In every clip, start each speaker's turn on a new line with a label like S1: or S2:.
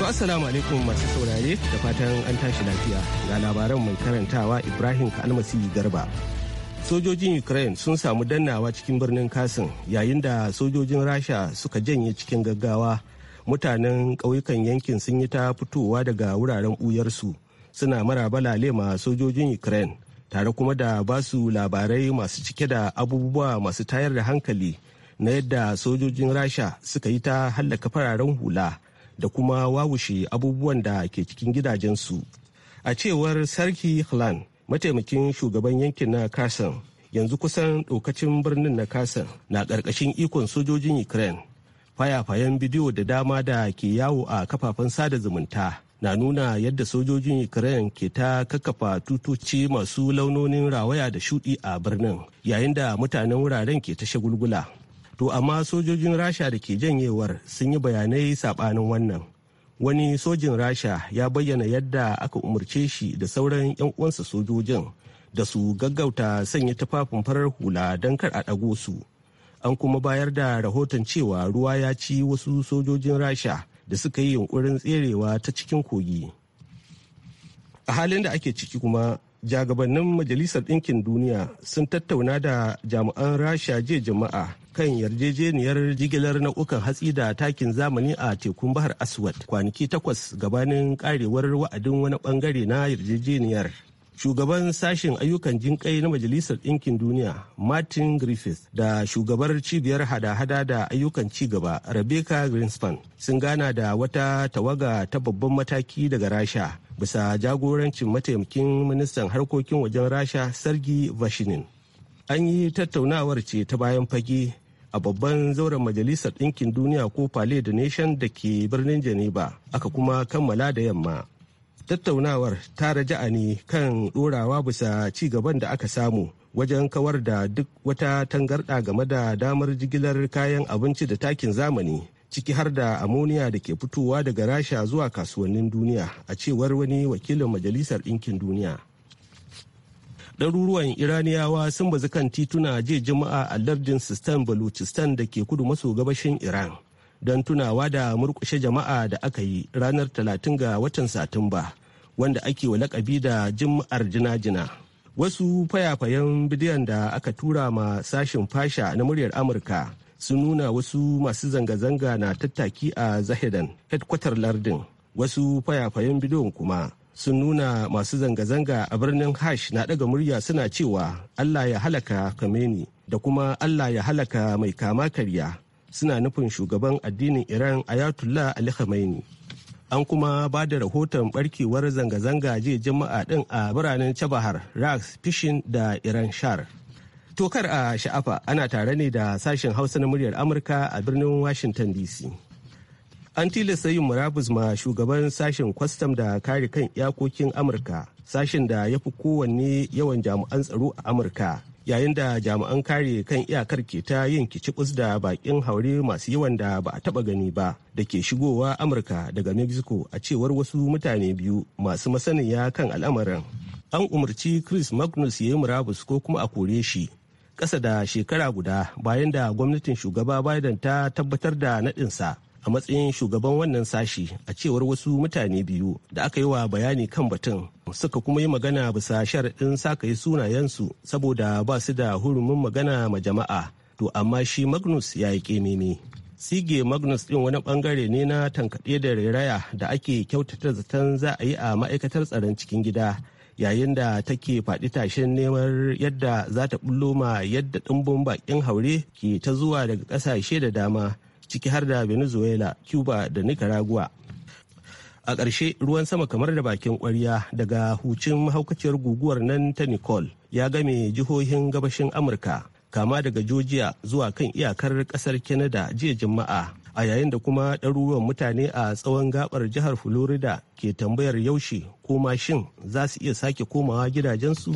S1: To assalamu alaikum masu saurare da fatan an tashi lafiya ga labaran mai karantawa Ibrahim Kalmasi Garba. Sojojin Ukraine sun samu dannawa cikin birnin Kasin yayin da sojojin Rasha suka janye cikin gaggawa mutanen ƙauyukan yankin sun yi ta fitowa daga wuraren ɓuyarsu suna marabalale ma sojojin Ukraine tare kuma da basu labarai masu cike da abubuwa masu tayar da hankali na yadda sojojin Rasha suka yi ta hallaka fararen hula. da kuma wawushe abubuwan da ke cikin gidajensu a cewar sarki hlan mataimakin shugaban yankin na kasan yanzu kusan ɗaukacin birnin na kasan na ƙarƙashin ikon sojojin ukraine fayafayen bidiyo da dama da ke yawo a kafafen sada zumunta na nuna yadda sojojin ukraine ke ta kakkafa tutoci masu launonin rawaya da shuɗi a birnin yayin da mutanen wuraren ke ta shagulgula to amma sojojin rasha da ke janyewar sun yi bayanai saɓanin wannan wani sojin rasha ya bayyana yadda aka umarce shi da sauran 'yan uwansa sojojin da su gaggauta sanya tufafin farar hula don kar a ɗago su an kuma bayar da rahoton cewa ruwa ya ci wasu sojojin rasha da suka yi yunkurin tserewa ta cikin kogi a halin da ake ciki kuma jagabannin majalisar ɗinkin duniya sun tattauna da jami'an rasha jiya jama'a kan yarjejeniyar jigilar nau'ukan hatsi da takin zamani a tekun bahar aswad kwanaki takwas gabanin karewar wa'adin wani bangare na yarjejeniyar shugaban sashen ayyukan Jinkai na majalisar ɗinkin duniya martin griffith da shugabar cibiyar hada-hada da ayyukan cigaba rebecca greenspan sun gana da wata tawaga ta babban mataki daga rasha bisa jagorancin mataimakin ministan harkokin wajen rasha sargi vashinin an yi tattaunawar ce ta bayan fage a babban zauren majalisar ɗinkin duniya ko pale da nation da ke birnin geneva aka kuma kammala da yamma tattaunawar ta raja'a ne kan ɗorawa bisa ci gaban da aka samu wajen kawar da duk wata tangarɗa game da damar jigilar kayan abinci da takin zamani ciki har da amoniya da ke fitowa daga rasha zuwa kasuwannin duniya a cewar wani wakilin majalisar ɗinkin duniya ɗaruruwan iraniyawa sun bazu kan tituna jiya juma'a a lardin sistan baluchistan da ke kudu maso gabashin iran don tunawa da murkushe jama'a da aka yi ranar 30 ga watan satumba wanda ake wa lakabi da jima'ar jina-jina wasu fayafayen bidiyon da aka tura ma sashin fasha na muryar amurka sun nuna wasu masu zanga-zanga na tattaki a zahidan headquarter lardin wasu fayafayen bidiyon kuma sun nuna masu zanga-zanga a birnin hash na daga murya suna cewa allah ya halaka kameni da kuma allah ya halaka mai kama karya suna nufin shugaban addinin iran ayatollah ali khamenei an kuma ba da rahoton barkewar zanga-zanga jiya jama'a din a biranen chabahar rax Fishing, da iran shar Tokar a sha'afa ana tare ne da sashen Hausa na muryar Amurka a birnin Washington DC. An tilasta yin murabus ma shugaban sashen kwastam da kare kan iyakokin Amurka, sashen da ya fi kowanne yawan jami'an tsaro a Amurka, yayin da jami'an kare kan iyakar ke ta yin kicikus da bakin haure masu yawan da ba a taba gani ba da ke shigowa amurka daga mexico a cewar wasu mutane biyu masu masaniya kan al'amarin an umarci chris magnus ya yi murabus ko kuma a kore shi kasa da shekara guda bayan da gwamnatin shugaba Biden ta tabbatar da naɗinsa a matsayin shugaban wannan sashi a cewar wasu mutane biyu da aka yi wa bayani kan batun suka kuma yi magana bisa sharaɗin sakayi sunayensu saboda ba su da hurumin magana ma jama'a to amma shi Magnus ya yi ƙememe. Sige Magnus ɗin wani bangare ne na tankaɗe da rairaya da ake kyautata zaton za a yi a ma'aikatar tsaron cikin gida yayin da take faɗi tashin neman yadda za ta bullo ma yadda ɗumbun bakin haure ke ta zuwa daga ƙasashe da dama ciki har da venezuela cuba da nicaragua a ƙarshe ruwan sama kamar da bakin ƙwarya daga hucin mahaukaciyar guguwar nan ta nicole ya game jihohin gabashin amurka kama daga georgia zuwa kan iyakar ƙasar canada jiya juma'a a yayin da kuma ɗaruruwan mutane a tsawon gabar jihar florida ke tambayar yaushe ko mashin za su iya sake komawa gidajensu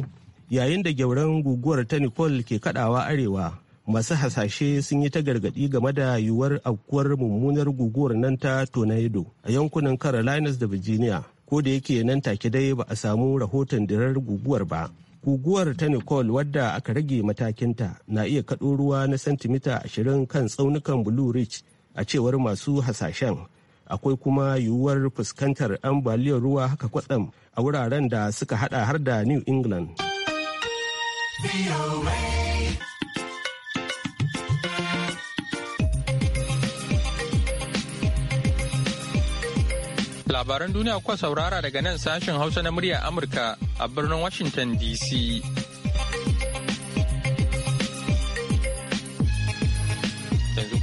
S1: yayin da gyauran guguwar ta nicole ke kadawa arewa masu hasashe sun yi ta gargaɗi game da yiwuwar aukuwar mummunar guguwar nan ta tornado a yankunan carolinas da virginia ko da yake nan take dai ba a samu rahoton dirar guguwar ba guguwar ta nicole wadda aka rage matakinta na iya kaɗo ruwa na santimita 20 kan tsaunukan blue ridge a cewar masu hasashen akwai kuma yiwuwar fuskantar ambaliyar ruwa haka kwatsam a wuraren da suka hada har da new england
S2: labaran duniya kuwa saurara daga nan sashen hausa na murya amurka a birnin washington dc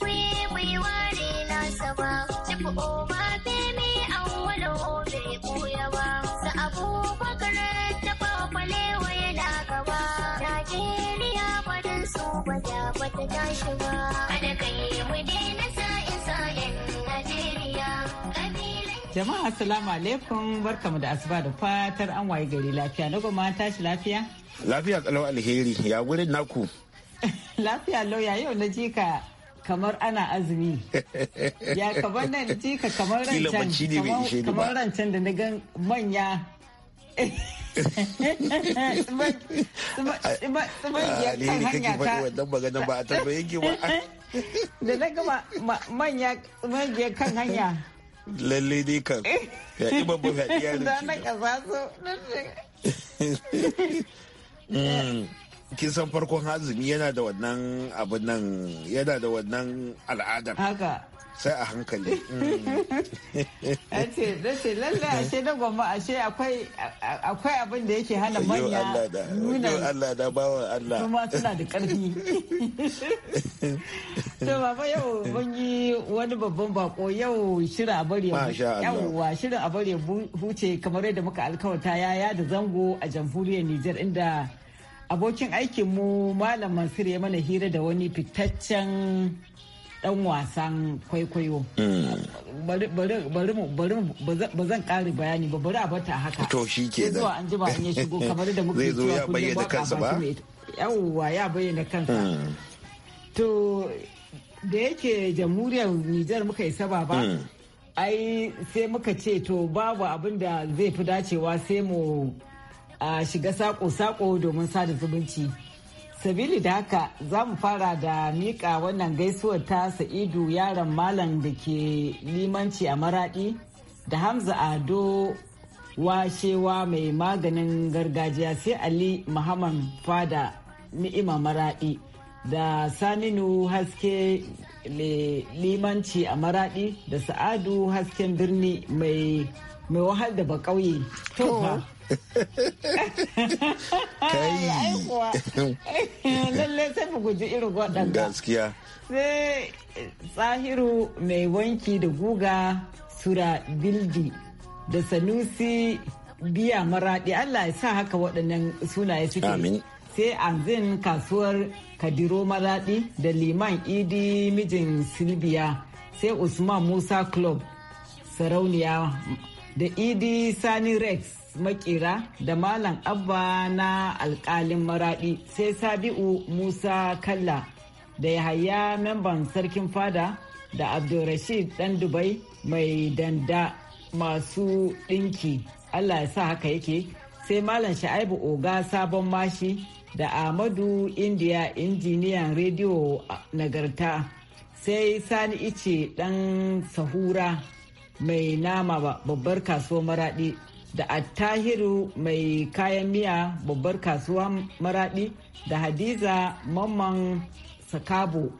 S3: ware oba bene an wala ba gaba najeriya ba bata ba mu
S4: jama'a assalamu alaikum barkamu da asuba da fatar an waye gari lafiya na goma tashi lafiya
S5: lafiya kalau alheri ya gurin naku
S4: lafiya lauya yau na jika. kamar ana azumi
S6: ya kamar nan ji ka kamar rancen kamar
S4: rancen da na gan manya da na gama manya tsimagiyar kan hanya
S6: lalle dai kan ya yi babban hadiya da na
S4: kasa so
S5: mm. kin san farkon azumi yana da wannan abin nan yana da wannan al'adar haka sai a hankali
S4: ce lalle ashe na gwamma ashe akwai abin da yake hana manya nuna
S5: Allah da bawa Allah kuma
S4: suna da karfi to baba yau mun yi wani babban bako yau shirin a bari yawa shirin a bari huce kamar yadda muka alkawarta yaya da zango a jamhuriyar Nijar inda abokin aikinmu malam mansur ya mana hira da wani fitaccen dan wasan kwaikwayo. Hmm. Ba zan kare bayani ba bari a bata haka. To shi ke da. Zuwa an ji ba an yi shigo kamar da muka yi zuwa kullum ba kansa ba. Yawwa ya bayyana kansa. Hmm. To da yake jamhuriyar Nijar muka isa saba ba. Hmm. Ai sai muka ce to babu abin da zai fi dacewa sai mu a shiga sako-sako domin sada zumunci. sabili da haka za mu fara da miƙa wannan gaisuwar ta sa'idu yaron malam da ke limanci a maraɗi da hamza ado washewa mai maganin gargajiya sai ali muhammad fada ni'ima maraɗi da saminu haske limanci a maraɗi da sa'adu hasken birni mai wahal da kauye.
S3: kai
S4: lallai sai mu guji irin waɗanda gaskiya sai tsahiru mai wanki da guga sura bildi da sanusi biya maraɗi allah ya sa haka waɗannan sunaye suke amin sai anzin kasuwar kadiro maraɗi da liman idi mijin silbiya sai usman musa club sarauniya da idi sani rex makera da malam abba na alkalin maradi sai sabi'u musa kalla da haya memban sarkin fada da abdulrashid dan dubai mai danda masu ɗinki allah ya sa haka yake sai malam sha'ibu oga sabon mashi da ahmadu indiya injiniyan rediyo nagarta sai sani ice dan sahura mai nama babbar kasuwar maradi da attahiru mai kayan miya babbar kasuwa maradi da hadiza mamman sakabo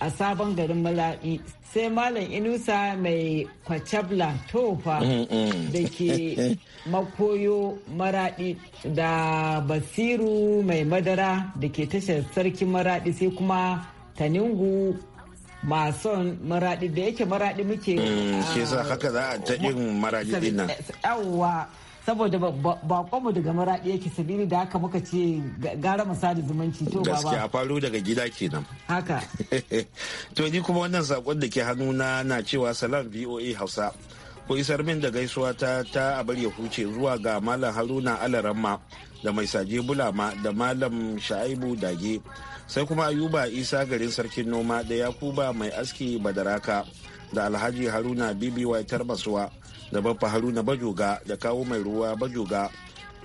S4: a sabon garin maladi sai malam inusa mai kwacabla tofa mm, mm. da ke makoyo maradi da basiru mai madara da ke tashar sarki maradi sai kuma taningu mason maradi da yake maradi muke mm, ah, shi yasa haka
S5: za a ta yin maradi din nan
S4: yawwa saboda bakonmu daga maradi yake sabili da haka muka ce gara misali zumunci to baba gaskiya
S5: faru daga gida kenan haka to ni kuma wannan sakon da ke hannuna na cewa salam VOA Hausa ko isar min da gaisuwa ta ta abar ya huce zuwa ga malam haruna alaramma da mai saje bulama da malam sha'ibu dage sai kuma ayuba isa garin sarkin noma da yakuba mai aski badaraka da alhaji haruna bibi waitar basuwa da baffa haruna bajoga da kawo mai ruwa bajoga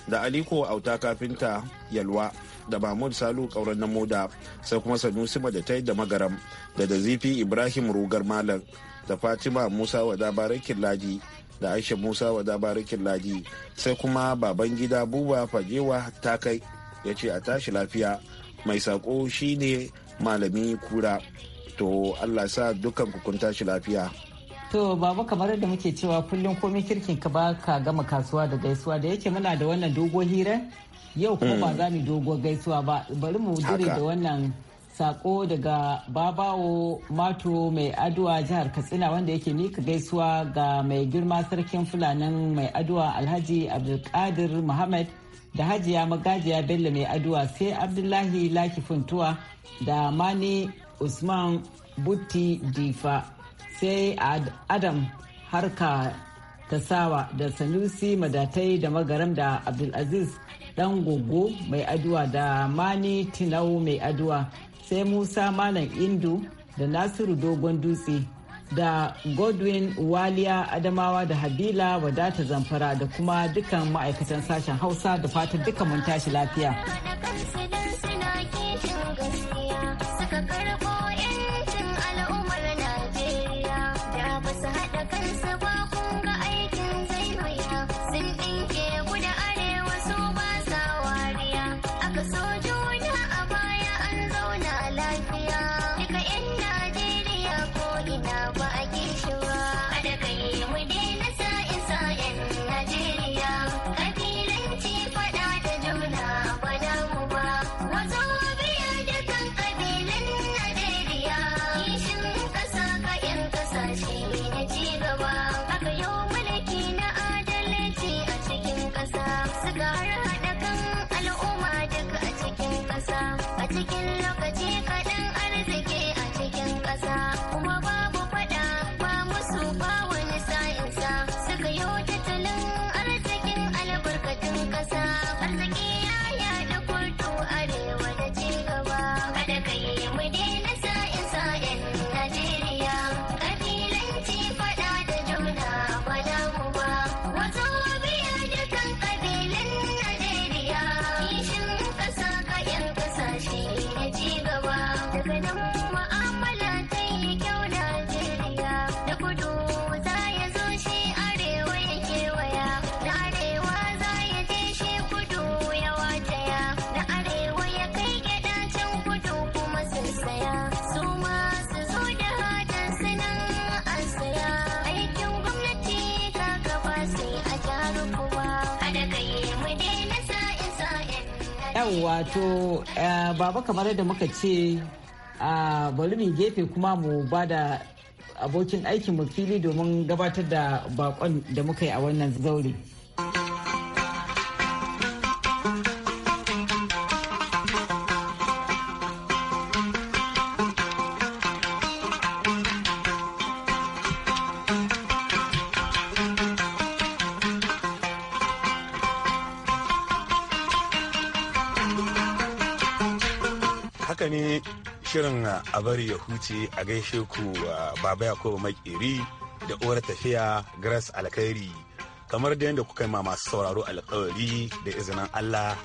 S5: da aliko auta kafinta yalwa da mahmud salu kauran na moda sai kuma sanusi tai da magaram da da zifi ibrahim rugar malam da fatima musa wa dabarakin laji da aisha musa wa dabarakin laji sai kuma baban gida buba fajewa ta kai ya ce a tashi lafiya mai sako shine malami kura to allah sa dukkan kukunta shi lafiya
S4: to babu kamar da muke cewa kullum komai kirkin ka baka gama kasuwa da gaisuwa da yake muna da wannan dogon hira yau kuma ba mm. za mu dogon gaisuwa ba bari mu dire da wannan sako daga babawo mato mai aduwa jihar katsina wanda yake mika gaisuwa ga mai girma sarkin fulanin mai aduwa alhaji abdulkadir muhammad da hajiya magajiya bello mai aduwa sai abdullahi laki funtuwa da mani usman butti difa sai adam harka ta sawa da sanusi madatai da magaram da abdulaziz dan gogo mai aduwa da mani tinau mai aduwa sai musa malam indu da nasiru dogon dutse da godwin waliya adamawa da habila wadata zamfara da kuma dukkan ma'aikatan sashen hausa da fatan duka mun tashi lafiya.
S3: taking get look
S4: yawwa to eh, baba kamar yadda muka ce ah, bari mu gefe kuma mu ba da abokin aikin mu fili domin gabatar da bakon da muka yi a wannan zaure.
S6: a bari ya huce a gaishe ku baba yakubu makeri da uwar tafiya grace alkhairi kamar da yadda kuka yi ma masu sauraro alkawari da izinin allah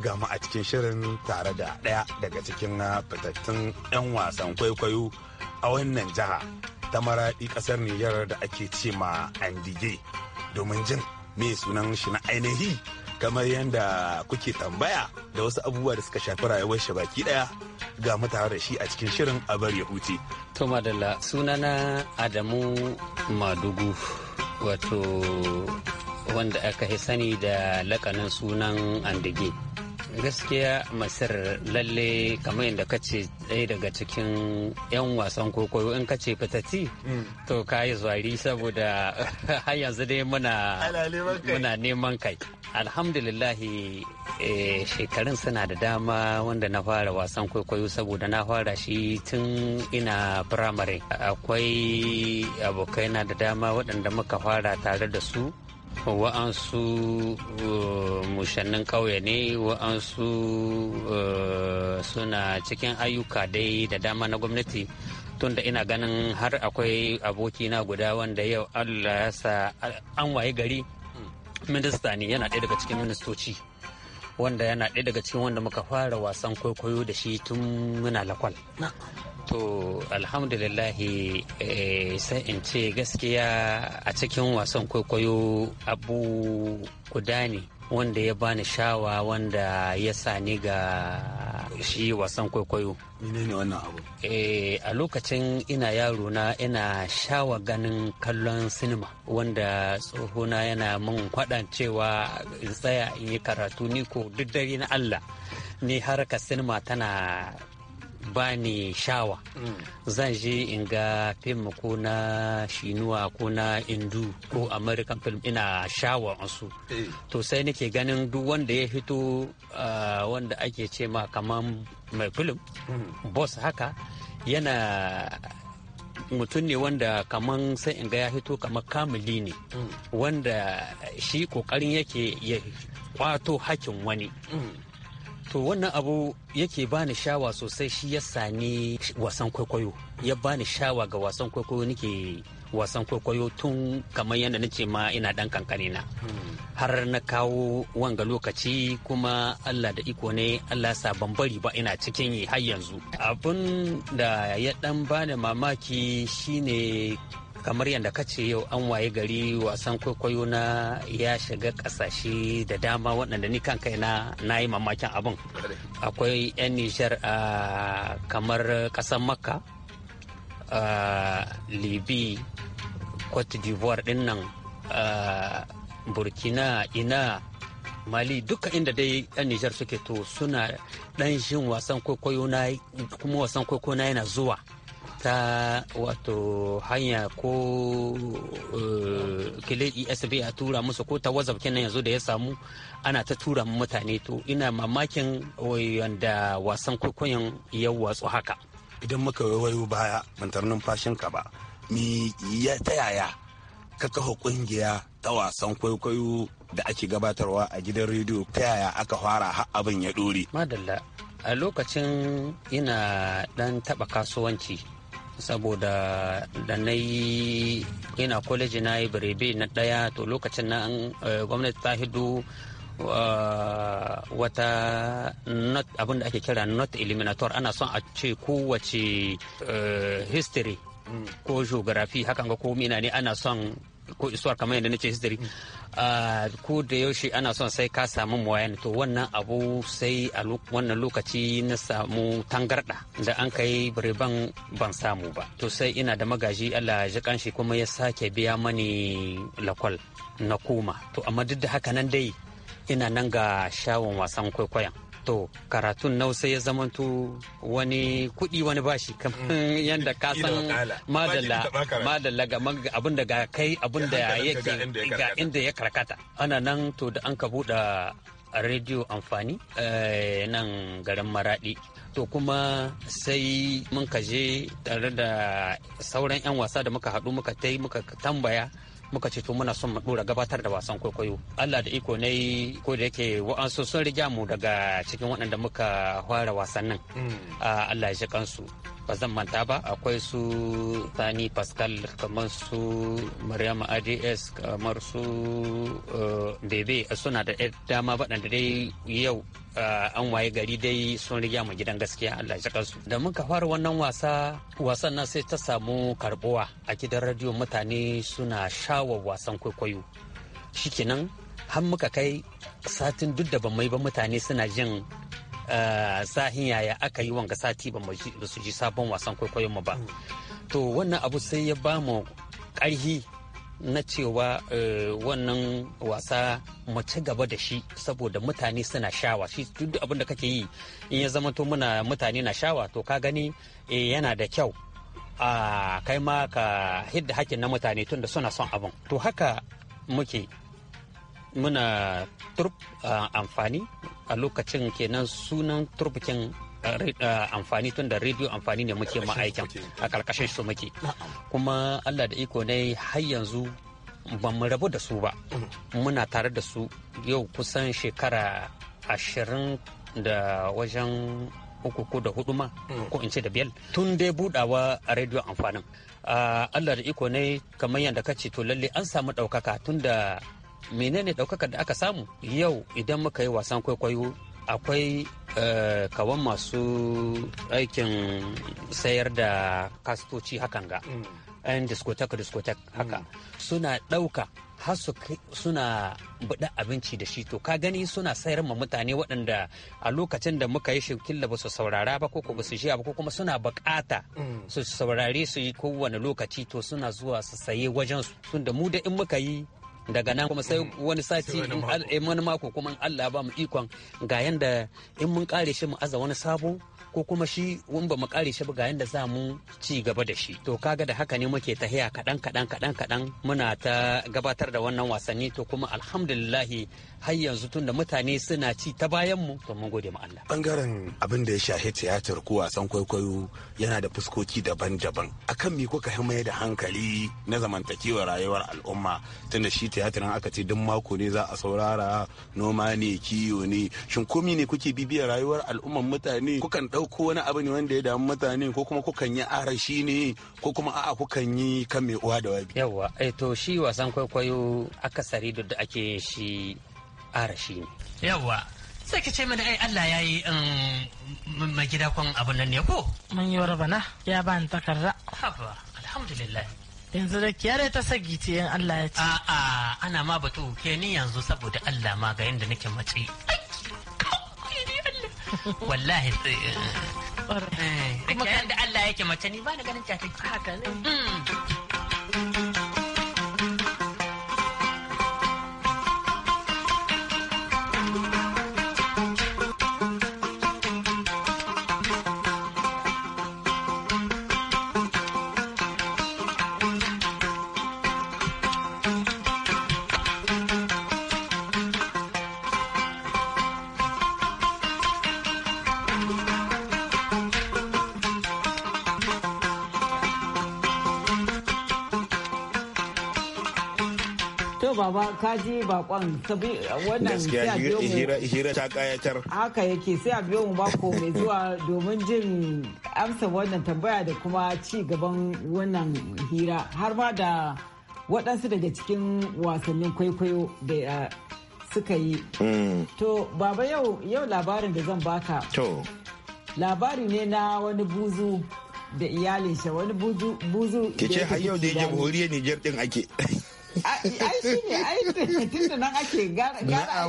S6: gama a cikin shirin tare da ɗaya daga cikin fitattun 'yan wasan kwaikwayo a wannan jiha ta maraɗi ƙasar niyar da ake ce ma andige domin jin me sunan shi na ainihi kamar yadda kuke tambaya da wasu abubuwa da suka shafi rayuwar shi baki ɗaya ga mutane da shi a cikin shirin a bar ya huce. To madalla sunana
S7: Adamu Madugu wato wanda aka sani da lakanin sunan Andige. gaskiya masir lalle kamar yadda ka ce ɗaya daga cikin 'yan wasan kwaikwayo in ka ce fitati mm. to ka yi zuwari saboda har yanzu dai muna neman kai alhamdulillahi eh, shekarun suna da dama wanda na fara wasan kwaikwayo saboda na fara shi tun ina firamare akwai abokaina da dama waɗanda muka fara tare da su wa'ansu uh, mushannin kauye ne wa'ansu uh, suna cikin ayyuka dai da dama na gwamnati tunda ina ganin har akwai abokina guda wanda yau allah ya sa uh, an waye gari minista ne yana ɗaya daga cikin ministoci wanda yana ɗaya daga cikin wanda muka fara wasan kwaikwayo da shi tun muna lakwal To alhamdulillahi eh, sai in ce gaskiya a cikin wasan kwaikwayo abu guda ne wanda ya bani shawa wanda ya sani ga shi wasan kwaikwayo. ne wannan abu? Eh, a lokacin ina yaro na ina shawa ganin kallon sinima wanda tsohona yana min kwaɗan cewa in tsaya in yi karatu ni ko duk dare na Allah. Ni harkar sinima tana bani shawa zan je in ga fim ko na shinuwa ko na indu ko american film ina shawa su eh. to sai nake ganin duk wanda ya fito ah, wanda ake ce ma kaman mai film hmm. boss haka yana mutum ne wanda kaman sai in ga ya fito kamar kamili ne hmm. wanda shi kokarin yake ya kwato hakin wani hmm. to wannan abu yake bani shawa sosai shi ya sani wasan kwaikwayo ya bani shawa ga wasan kwaikwayo nake wasan kwaikwayo tun kamar yadda na ce ma ina dan kankani na har na kawo wanga lokaci kuma allah da iko ne allah sa ban bari ba ina cikin yi har yanzu abin da ya dan bani mamaki shine kamar yadda ka ce yau an waye gari wasan kwaikwayo na ya shiga kasashe da dama waɗanda ni kan kai na yi mamakin abin akwai 'yan nijar a kamar ƙasar makka a libi cote d'ivoire ɗin nan burkina ina mali duka inda dai yan nijar suke to suna ɗan shin wasan kwaikwayo na kuma wasan kwaikwayo na yana zuwa ta wato hanya ko eh, kilidi sb a tura musu ko ta wazaf kenan yanzu da ya samu ana ta tura mu mutane to ina mamakin wanda wasan kwaikwayon ya watsu haka idan muka wayo baya bantar numfashinka ba
S6: mi ya ta yaya ka kafa kungiya ta wasan kwaikwayo da ake gabatarwa a gidan rediyo ta yaya aka fara har abin ya dore madalla
S7: a lokacin ina dan taba kasuwanci saboda da na yi ina kwaleji na yi birebe na ɗaya to lokacin na eh, gwamnati ta hidu eh, wata abin da ake kira not eliminator ana son a ce kowace eh, history mm. ko geography hakan ga komina ne ana son ko isuwar kamar yadda nace history ko da yaushe ana son sai ka samu muwayan to wannan abu sai a wannan lokaci na samu tangarda da an kai bireban ban samu ba to sai ina da magaji Allah ya kanshi kuma ya sake biya mani lakwal na koma to amma duk da haka nan dai ina nan ga shawon wasan kwaikwayon to karatun nausa ya zamanto wani kuɗi wani bashi kamar mm. yadda ka san madalla ga abin da ga kai abin da yake ga inda ya karkata ana nan to da an ka buɗe rediyo amfani eh, nan garin maraɗi to kuma sai mun ka je tare da sauran 'yan wasa da muka haɗu muka tai muka tambaya muka ce to muna son mu dora gabatar da wasan kwaikwayo Allah da iko ne ko da yake wa'ansu sun riga mu daga cikin waɗanda muka fara wasannin mm. ah, Allah ya shi kansu ba zan manta ba akwai su sani pascal kamar su Mariam ads kamar su eh, bebe suna da dama waɗanda dai yau eh, an waye gari dai sun riga mu gidan gaskiya allah ya su da muka fara wannan wasa wasan nan sai ta samu karbuwa a gidan radio mutane suna shawar wasan kwaikwayo shikenan har muka kai satin duk da ban mai ba mutane suna jin Eh, sahin yaya aka yi wanga sati ba su ji sabon wasan kwaikwayon mu ba mm. to wannan abu sai ya ba mu karhi na cewa eh, wannan wasa mu ci gaba da shi saboda mutane suna shawa shi duk abin da kake yi in ya zama to muna mutane na shawa to ka gani eh, yana da kyau a kai ma ka hidda hakin na mutane tun da suna son abin to haka muke muna turp amfani a lokacin kenan sunan turbukin amfani tun da rediyo amfani ne muke ma'aikin a karkashin su muke kuma allah da iko ne har yanzu ba mu rabu da su ba mm. muna tare da su yau kusan shekara ashirin da wajen uku ko da hudu ma mm. ko in ce da biyar tun dai budawa a rediyo amfanin allah da iko ne kamar yadda ka ce to lalle an samu ɗaukaka tun da menene ɗaukakar da aka samu yau idan muka yi wasan kwaikwayo akwai eh, kawan masu aikin sayar da kastoci hakan ga mm. yan diskotek diskotek haka mm. suna ɗauka har suna buɗa abinci da shi to ka gani suna sayar ma mutane waɗanda a lokacin da muka yi shirkin ba su saurara ba ko ba su ba ko kuma suna bukata mm. su saurare su yi kowane lokaci to suna zuwa su saye wajen su tunda mu da in muka yi daga nan kuma sai mm. wani sati in eh, wani mako kuma in Allah ba mu ikon ga yanda in mun kare shi mu aza wani sabo ko kuma shi in ba mu kare shi ba ga yanda za mu ci gaba da shi to kaga da haka ne muke tahiya kaɗan kaɗan kaɗan kaɗan muna ta gabatar da wannan wasanni to kuma alhamdulillahi har yanzu tunda mutane suna ci ta bayan mu to mun gode ma Allah
S6: bangaren abin da ya shahi tiyatar ko wasan kwaikwayo yana da fuskoki daban-daban akan me kuka himaye da hankali na zamantakewa rayuwar al'umma tunda shi tiyatirin aka ce duk mako ne za a saurara noma ne kiwo ne shin komi ne kuke bibiya rayuwar al'umman mutane kukan ɗauko wani abu ne wanda ya damu mutane ko kuma kukan yi arashi ne ko kuma a'a kukan yi
S7: kan mai uwa da wabi yawa ai eh to shi wasan kwaikwayo akasari da ake yin shi arashi ne yawa sai ka ce mana ai Allah ya yi um, mai gida kwan abun nan ne ko
S4: mun yi bana ya ba ni takarda
S7: haba alhamdulillah
S3: yanzu da kiyar ta sagi ce yan Allah ya ce a'a
S7: ana ma batu ke ni yanzu saboda Allah ma ga yadda nake mace wallahi eh, eh. Eh, kuma kan da Allah yake mace ni ba na ganin ta take haka ne mm.
S4: baba kaji bakon sabi wannan sai a biyo mu hira ta kayatar haka yake sai a biyo mu mako mai zuwa domin jin amsa wannan tambaya da kuma ci gaban wannan hira har ma da waɗansu daga cikin wasannin kwaikwayo da eh, suka yi mm. to baba yau yau labarin da zan baka to labari ne na wani buzu da iyalin shi wani buzu buzu ke ce har yau da jamhuriyar
S5: Nijar din ake
S4: ai shi ne ai tun da nan ake gara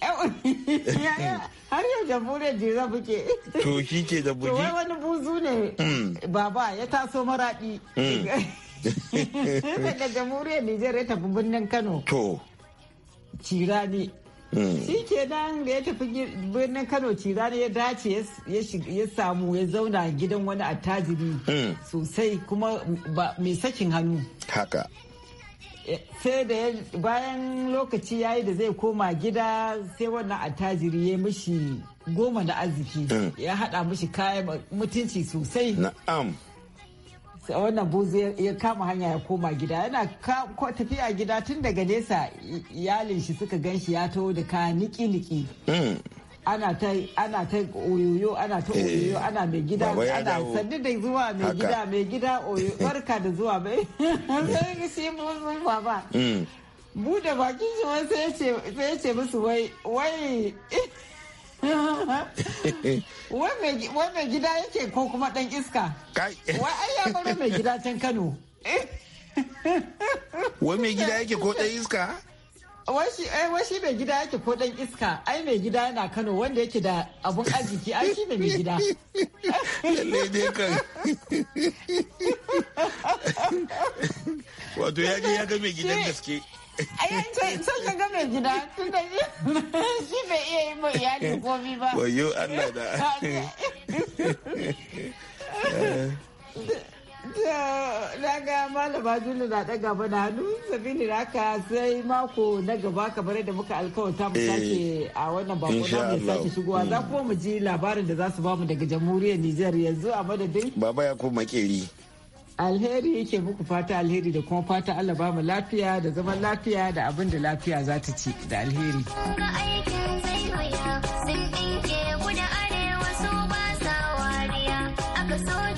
S4: eh, har yau jamhuriyar jira buke
S5: to shi ke da buji to wai
S4: wani buzu ne mm. baba ya taso maraɗi mm. daga jamhuriyar nijar ya tafi birnin kano to cirani mm. shi ke nan da ya tafi birnin kano cirani ya dace ya samu ya zauna gidan wani attajiri sosai kuma mai sakin hannu haka Eh, sai da bayan lokaci ya yi da zai koma gida sai wannan attajiri ya mishi goma na arziki mm. ya haɗa mishi kayan mutunci sosai na'am wannan buzu ya kama hanya ya koma gida yana tafiya gida tun daga nesa iyalin shi suka gan shi ya taho da kaya niki-niki mm. ana ta ana ta oyoyo ana ta eh. oyoyo ana mai gida ana sanni da zuwa mai gida mai gida oyoyo barka da zuwa bai sai shi mun baba bude mm. bakin shi wai sai ce sai ce musu wai wai wai mai gida yake ko kuma dan iska wai ai ya bar mai gida can Kano wai mai gida yake ko dan iska Eh, wai shi mai gida yake ko dan iska ai mai gida yana kano wanda yake da abun arziki ai shi ne mai gida
S6: wato ya je ya ga mai gidan gaske
S3: sun ka ga mai
S4: gida tun da shi bai iya yi mai iyali komi ba wayo allah da eh. na ga malama jini na daga mana hannu sabini da haka sai mako na gaba kamar da muka alkawarta mu eh, sake a wannan bako na mu sake shigowa za mm. ku mu ji labarin da za su bamu daga jamhuriyar Nijar yanzu a madadin.
S5: Baba ya koma makeri.
S4: Alheri yake muku fata alheri da kuma fata Allah ba mu lafiya da zaman lafiya da abin da lafiya za ta ci da alheri.
S3: Aikin sun ɗinke guda arewa su ba sa wariya aka soja.